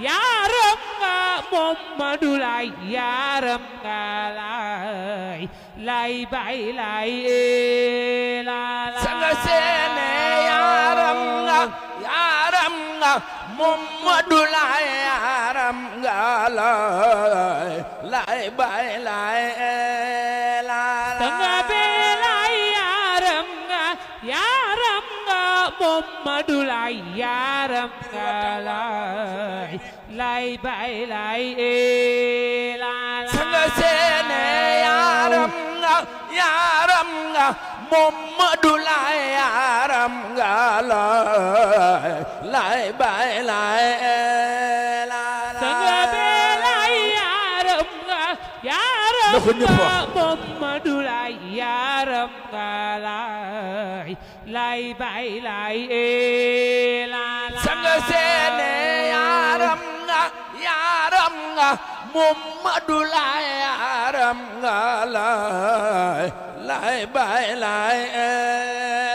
yaaram nga Muhammadu lay yaaram nga lay lay bay lay la la sanga seene yaaram nga yaaram nga Muhammadu lay yaaram nga lay lay bay lay lay bay lay e la la sene yaram nga yaram nga Muhammadu lay yaram nga lay lay bay lay e la la lay yaram nga yaram nga Muhammadu lay yaram nga lay lay bay lay e la seene yaaram nga nga Muhammadu lay nga lay lay lay e,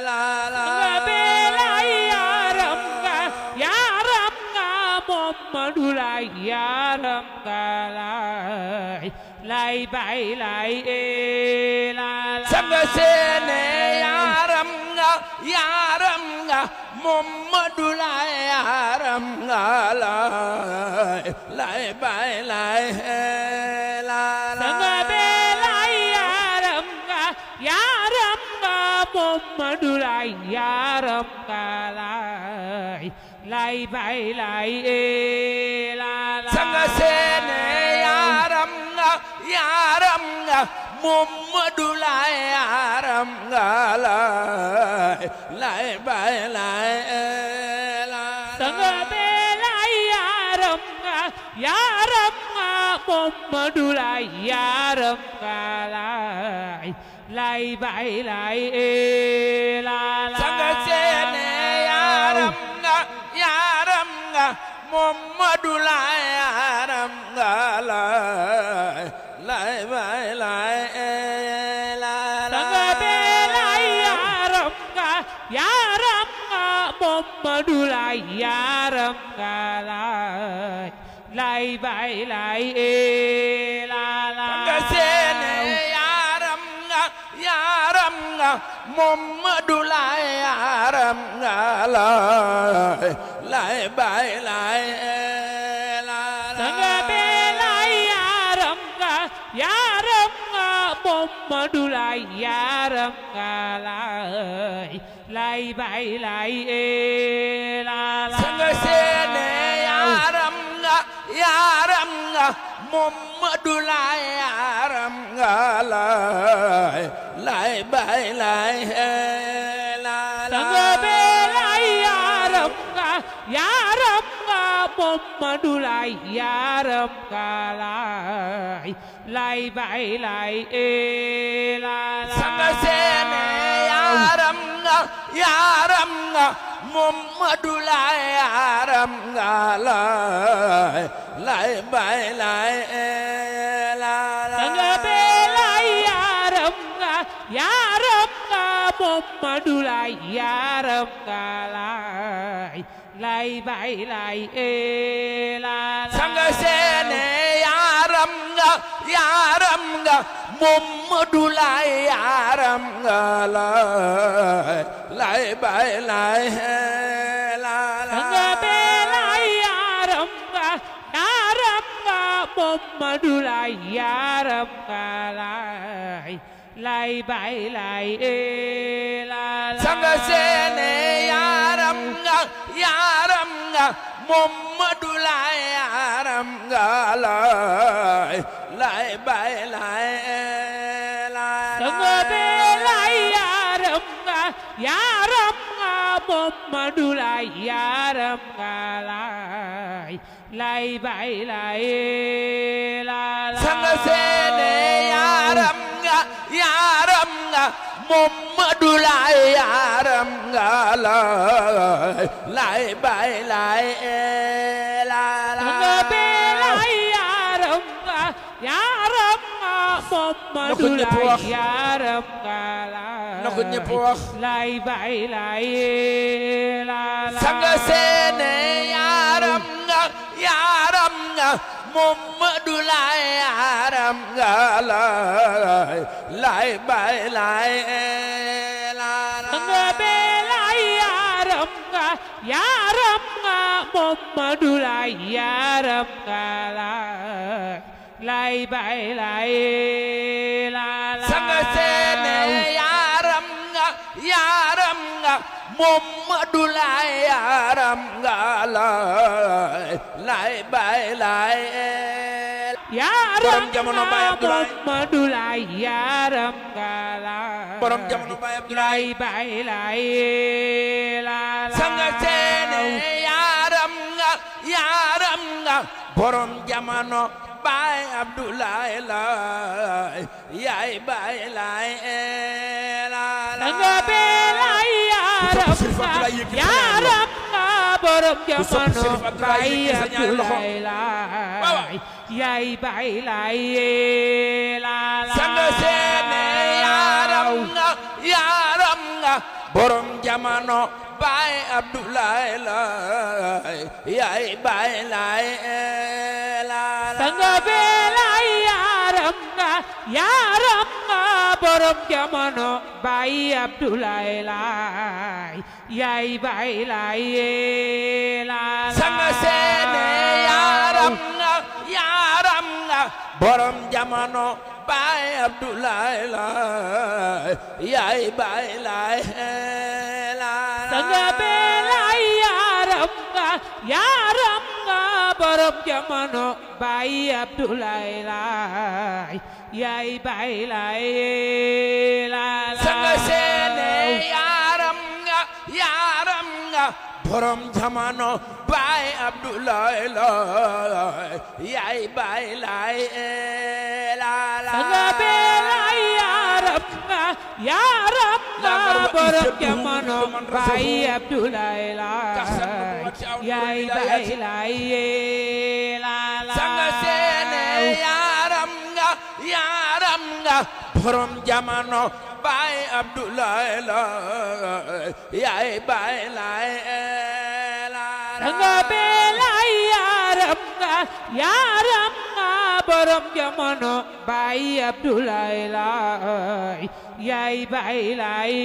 la la be lay lay yaaram lay lay bay lay la seene Muhammadu lay haram nga lay lay bay lay la la nga be lay haram nga yaram nga Muhammadu lay yaram nga lay lay bay lay Muhammadu lay aram nga lay lay bay lay sangabe lay aram nga yaram nga Muhammadu lay aram nga lay lay bay lay la la sangasene yaram nga yaram nga Muhammadu lay aram nga lay lay bay lay Muhammadu lay bay lay la nga lay bay lay la la Muhammadu nga laay laay bay laay nga be laay nga Muhammadu lay aram nga lay lay bay lay la nga be lay yaram nga yaram nga Muhammadu lay yaram nga lay lay bay lay la sanga sene yaaram nga yaaram nga Muhammadu lay yaaram nga lay lay bay lay la la nga be lay yaaram nga yaaram nga Muhammadu lay yaaram nga lay lay bay lay eh, la la sanga sene yaaram nga yaaram nga lay aram nga lay lay bay lay lay sanga be lay aram nga yaram nga Muhammadu lay yaram nga lay lay bay lay lay sanga seene yaram nga yaram nga Muhammadu lay yaram nga lay lay bay lay na ko ñëpp wax na ko ñëpp yaaram nga yaaram nga Muhammadu lay yaaram nga lay lay bay lay nga be lay yaaram nga yaaram nga Muhammadu lay yaaram nga lay lay bay lay la la sanga seene yaaram nga yaaram nga Muhammadu lay yaaram nga lay lay bay lay borom jamono Baay Abdoulaye Muhammadu lay yaaram nga lay borom jamono Baay Abdoulaye bay lay la la sanga seene borom jamano baay Abdoulaay laay yaay baay laay laala nga beelaay yaa rab yaa rab nga borom jamano baay Abdoulaay laay baay laay laala eh, sanga seene yaa rab borom jamano baay Abdoulaye yaay baay laay laay sanga bee laay yaaram nga yaaram nga borom jamano baay Abdoulaye yaay baay laay laay sanga seene yaaram nga yaaram nga borom jamano baay Abdoulaye yaay baay laay laay sanga bee laay yaaram nga yaaram nga borom jamono baay Abdoulaye yaay baay laay laay sanga seene yaay borom jamano baay Abdoulaye la yaay baay laay la la nga be laay yaa rab nga yaa rab nga borom jamano baay Abdoulaye la yaay baay laay la la sanga seene yaa rab nga yaa rab nga xorom jamano baay Abdoulaye la yaay baay laay la nga belay yaaram nga yaaram nga borom jamano baay Abdoulaye la yaay baay laay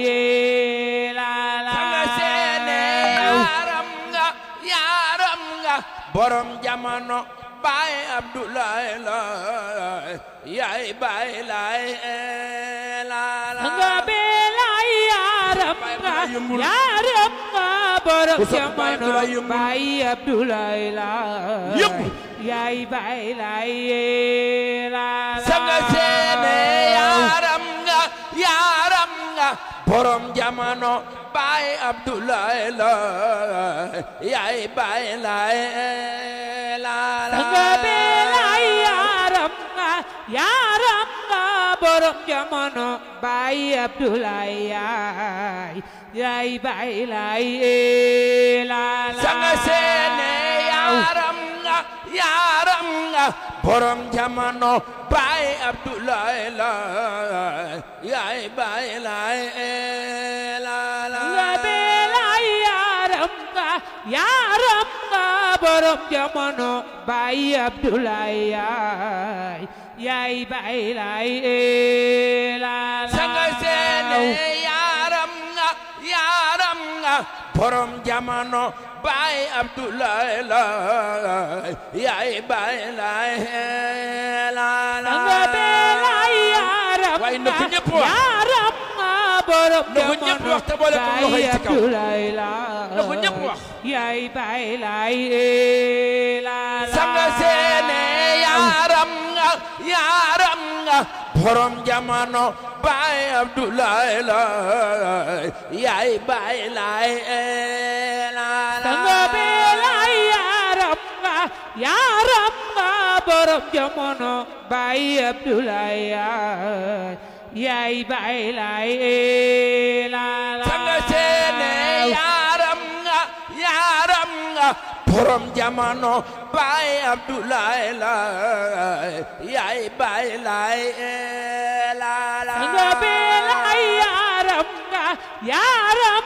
la la nga seene yaaram nga yaaram nga borom jamano baay Abdoulaye la yaay baay laay eh, la la nga be laay yaaram nga yaaram nga borom jamono baay Abdoulaye la yaay baay laay eh, la borom jamano baay Abdoulaye yaay baay laay la la nga be nga yaaram nga borom jamano baay Abdoulaye yaay baay laay eh, la la sanga yaaram yaaram nga borom jamono baay Abdoulaye la yaay baay laay la la nga be laay yaaram nga yaaram nga borom jamono baay Abdoulaye yaay yaay baay laay la la borom jamano baay Abdoulaye laay yaay baay laay laay laay waaye na ko ñëpp wax na ko ñëpp wax te boole ko loxo yi ci kaw na ko ñëpp wax yaay baay laay eh, laay sanga seene yaaram ak yaaram nga borom jamono baay Abdoulaye laay yaay baay laay eh, laay sanga bi laay yaaram nga yaaram nga borom jamono baay Abdoulaye yaay baay laay eh, laay sanga seene yaay borom jamano baay Abdoulaye yaay baay laay laala eh, nga be laay yaaram nga yaaram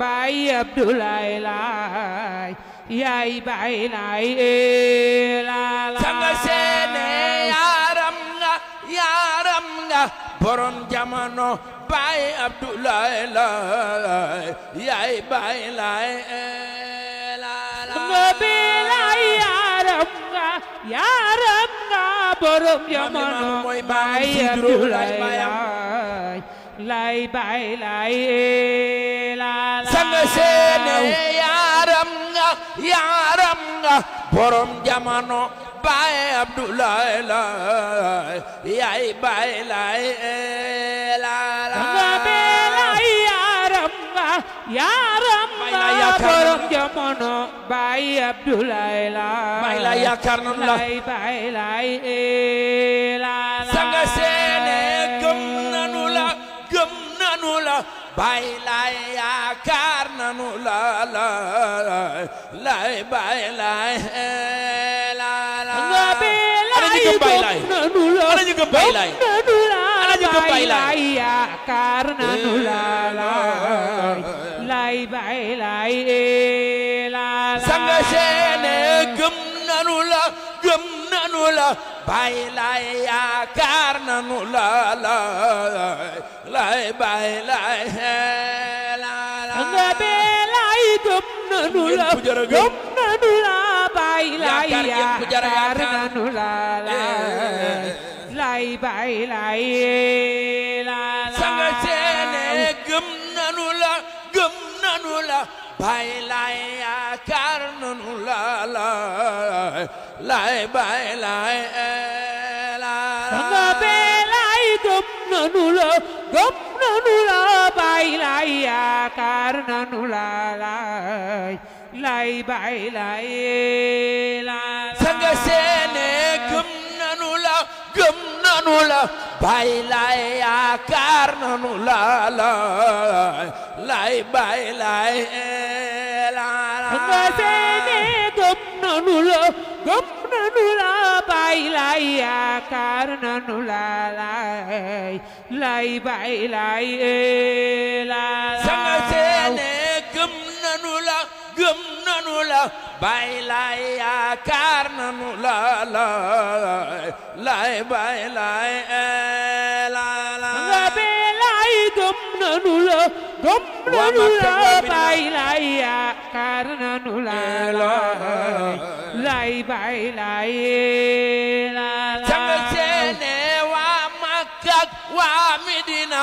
baay laay yaay baay eh, la borom jamono baay Abdoulaye laay yaay baay laay eh, nabi laay yaaram nga yaaram yaaram nga yaaram nga borom jamono baay Abdoulaye laay yaay baay laay laay yaaram la borom jamono baay Abdoulaye la baay la yaakaar noonu lay la eh, sanga seene gëm nanu la gëm nanu la lay yaakaar lay baay gëm Baay Laay ana ñu gëm Baay Laay ana ñu gëm Baay Laay yaakaar nanu la laay Baay Laay la la sanga seene gëm nanu la gëm nanu la Baay Laay yaakaar nanu la la laay Baay Laay la la sanga be laay gëm nanu la gëm lay yaa kaar nanu laalaa lay eh. bay lay laalaa sanga seene gëm nanu la gëm nanu la bay lay yaa kaar nanu laalaa lay bay lay eh, laalaa sanga bee lay gëm nanu la gëm nanu la bay lay yaa kaar nanu laalaa lay bay lay la sa nga seene gëm nanu la gëm gëm nanu la gëm bay lay yaakaar nanu gëm nanu la bay lay yaakaar nanu la la lay bay lay e, la la la bay lay gëm nanu la gëm nanu la bay lay yaakaar nanu la e, la lay bay lay e, la la sangal seene waa Makka ak waa Medina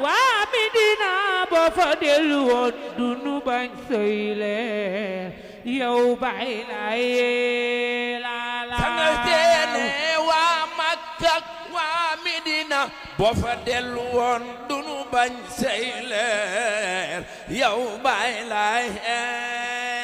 waa mi dina boo fa dellu woon dunu bañ sëy leen yow bay lay laala sangal teene waa Makka waa mi dina boo fa dellu woon dunu bañ sëy leen yow bay lay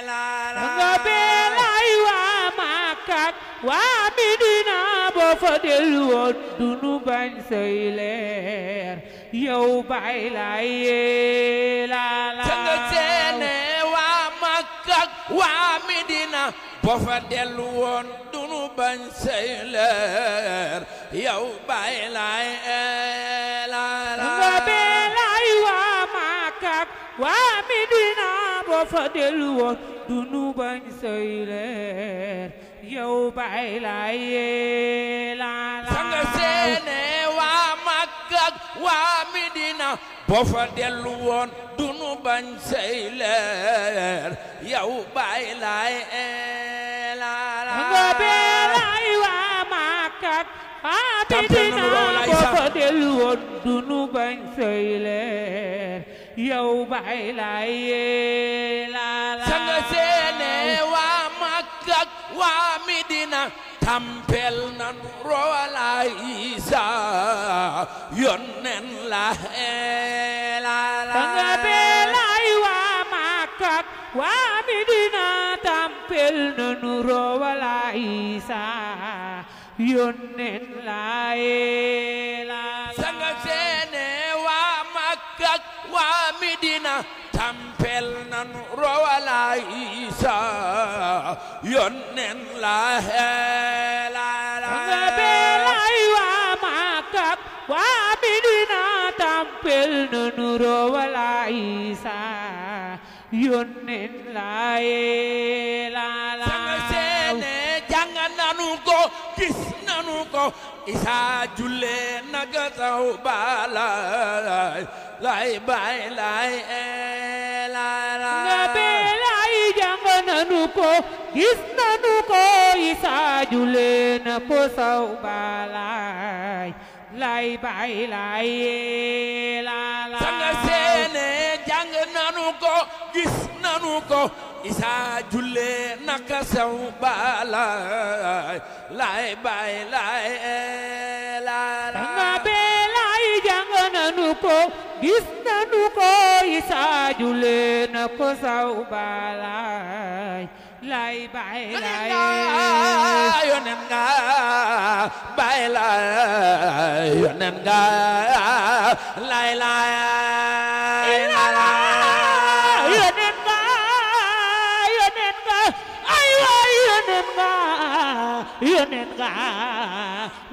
laala nga bee lay waa Makka waa mi dina boo fa dellu woon dunu bañ sëy leen yow bay lay la sa nga seene waa Makka waa Medina boo fa dellu woon dunu bañ say leer waa Makka waa Medina boo fa dellu woon dunu bañ say leer yow waa Medina boo fa dellu woon du nu bañ say leer yow baay laay laala nga bee laay waa Makkat waa Medina boo fa dellu sa nga seene waa Makkat waa Medina tampel nan rowala isa yonen la la la nga belay wa makkat wa midina tampel nan rowala isa yonen la Isa yonen la la la belay wa Makka wa Madina tampil nu nuro wala Isa yonen la la la sanga seene jàng nanu ko gis nanu ko Isa julle naga taw bala lay bay lay e, la la nanu ko gis nanu ko isaaju leen po saw balaay lay bay lay la la sanga seene jàng nanu ko gis nanu ko isaaju leen naka saw balaay lay bay lay la la sanga bee lay jàng nanu ko gis way saaju leen ko saw balaay lay bay lay yonen nga bay lay yonen nga lay lay yonen nga yonen nga ay way yonen nga yonen nga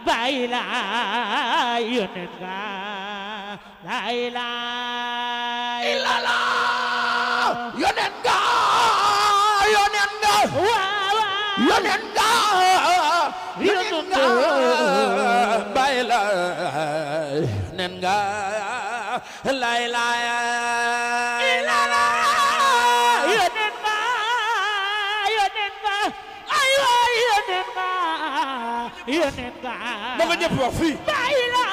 bay lay yonen nga lay lay yonen nga yonen nga bay la yonen nga lay lay yonen nga yonen nga ay waay yonen nga yonen nga ma nga ñëpp wax fii bay la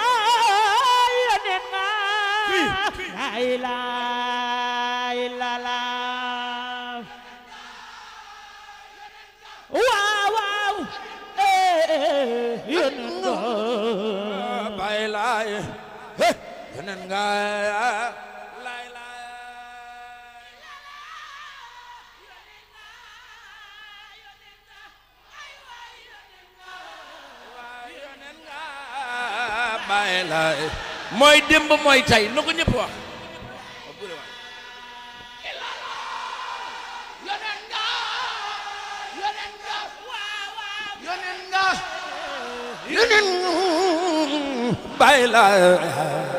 yonen nga lay lay nan nga ah, lay lay baay lay mooy démb mooy tey na ko ñëpp wax yónneen nga yónneen nga bàyyi laa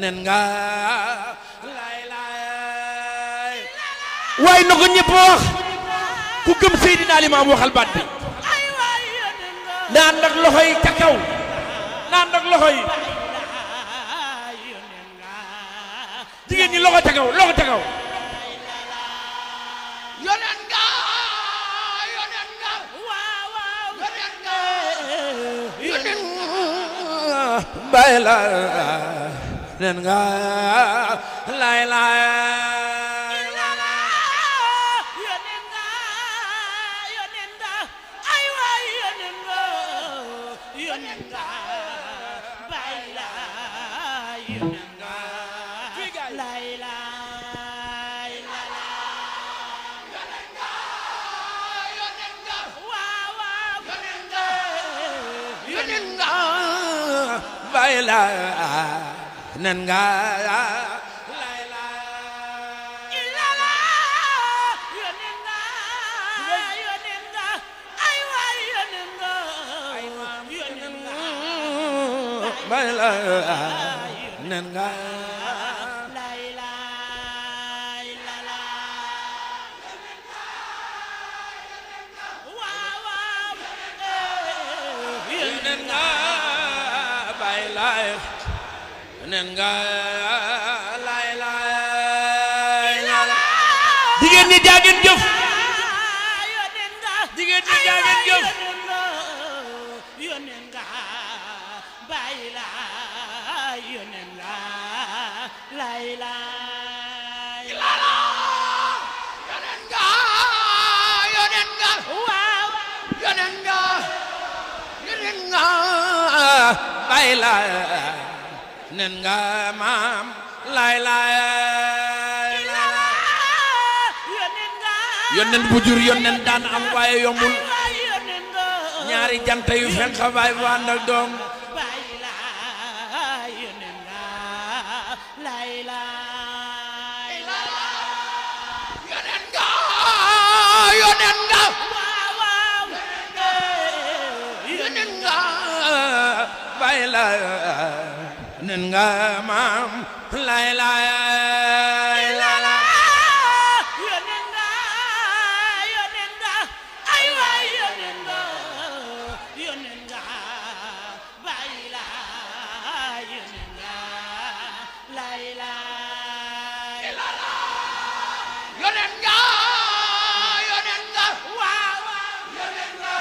nen nga laay laay wax ku gëm Seydina Limaam waxal baat naan nag loxo yi naan nag loxo nen nga lay lay yonen nga yonen nga ay waay yonen nga yonen nga bay lay yonen nga lay lay yonen nga yonen nga waaw waaw yonen nga yonen nga bay lay nan nga nan nga nen nga laay laay jigéen ñi nga bàyyi nga laay laay nga yonen nen nga maam laay laay yónneen bu jur yónneen daan am waaye yombul ñaari jant yu fenk baay bu àndal doom la nen nga maam lay lay lala yonen da yonen da ay waay yonen da yonen da bay la yonen da lay lay lala yonen da yonen da waaw waaw yonen da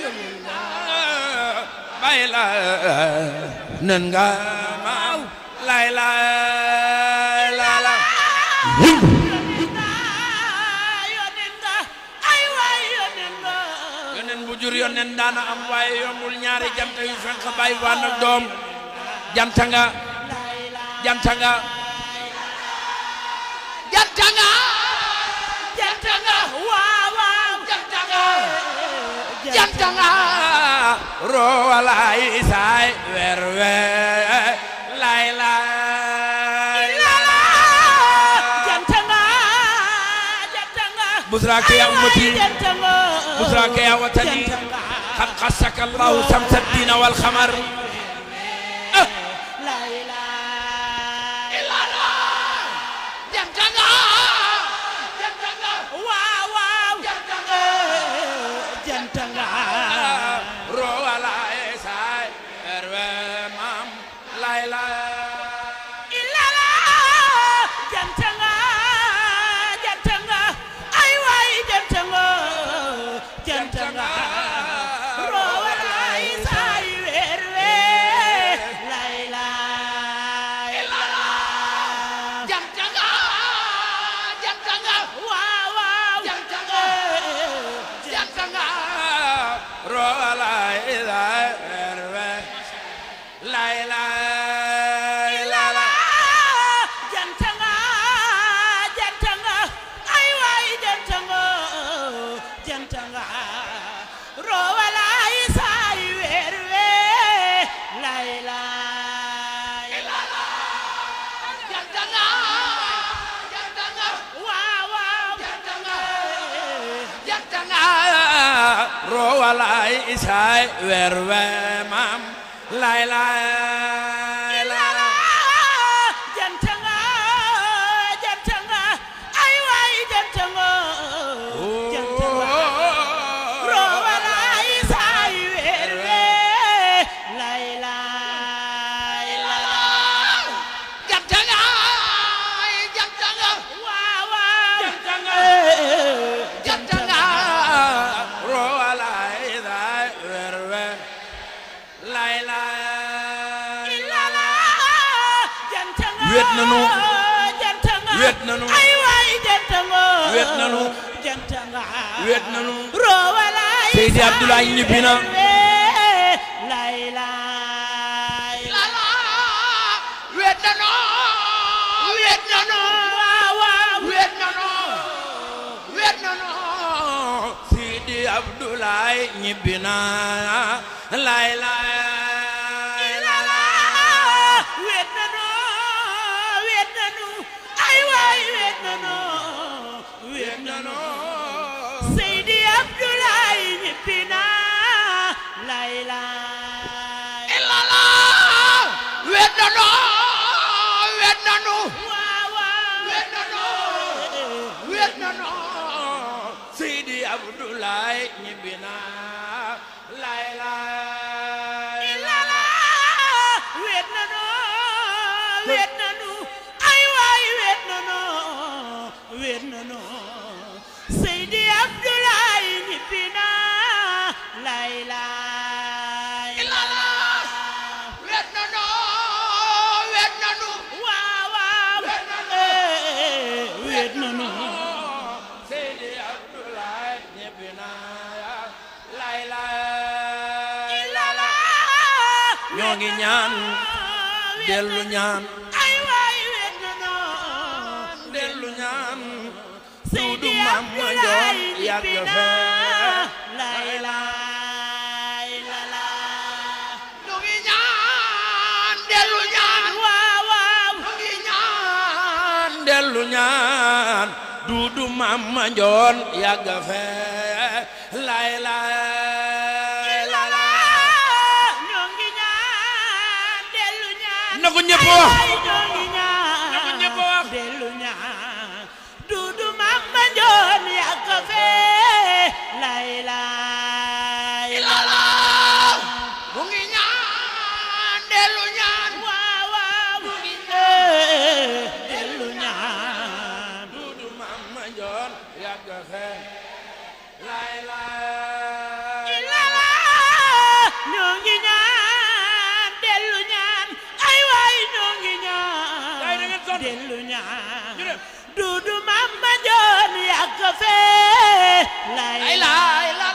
yonen da bay la nan nga maam laay laay laay laay jur yonen daana am waaye yombul ñaari jant yu fenk bay waan ak doom janta nga janta nga janta nga janta nga waaw waaw janta nga janta nga ruwa lay saay wer wer lay lay jantanga jantanga musraka ya ummati musraka ya watani qad qassaka allahu samsa ad-din wal khamar canga falay isaay weer we maam lay lay wet nanu wet nanu Seydi Abdoulaye ñibbi na Abdoulaye ñibbi na laay laay ñibbi naa ñoo ngi la la ñu ngi ñaan dellu pour la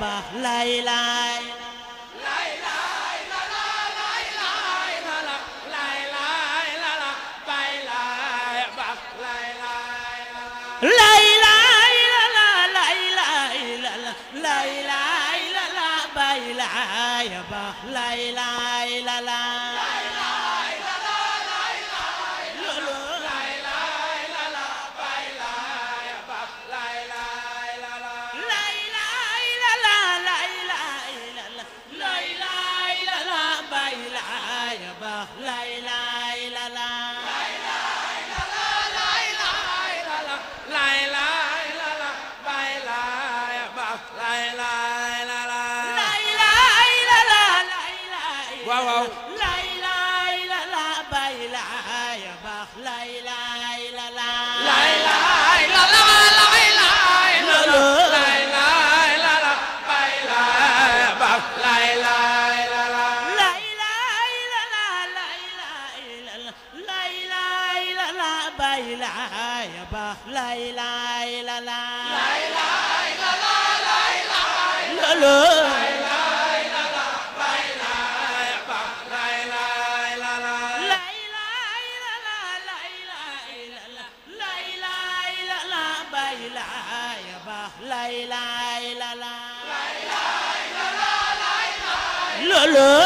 baax lay lay lay bay laa ya ba la ilaha illallah la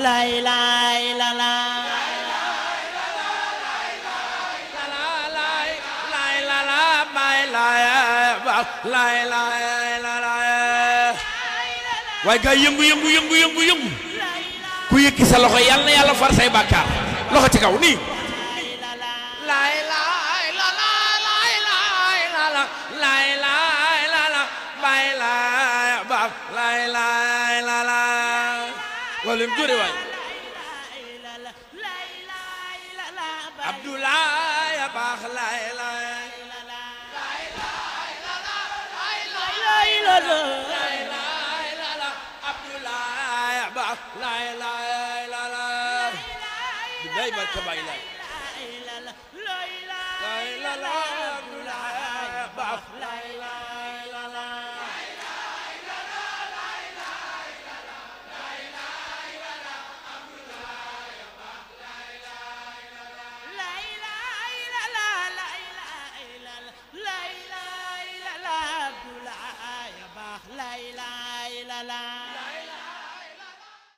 la ilaha illallah la ilaha illallah waay yëngu yëngu yëngu yëngu ku yëkki sa loxo yàlla na yàlla far say bàkkaar loxo ci kaw nii lim juri waay Abdoulaye a baax laay laay laay laay Abdoulaye a baax laay laay laay laay barke baay laay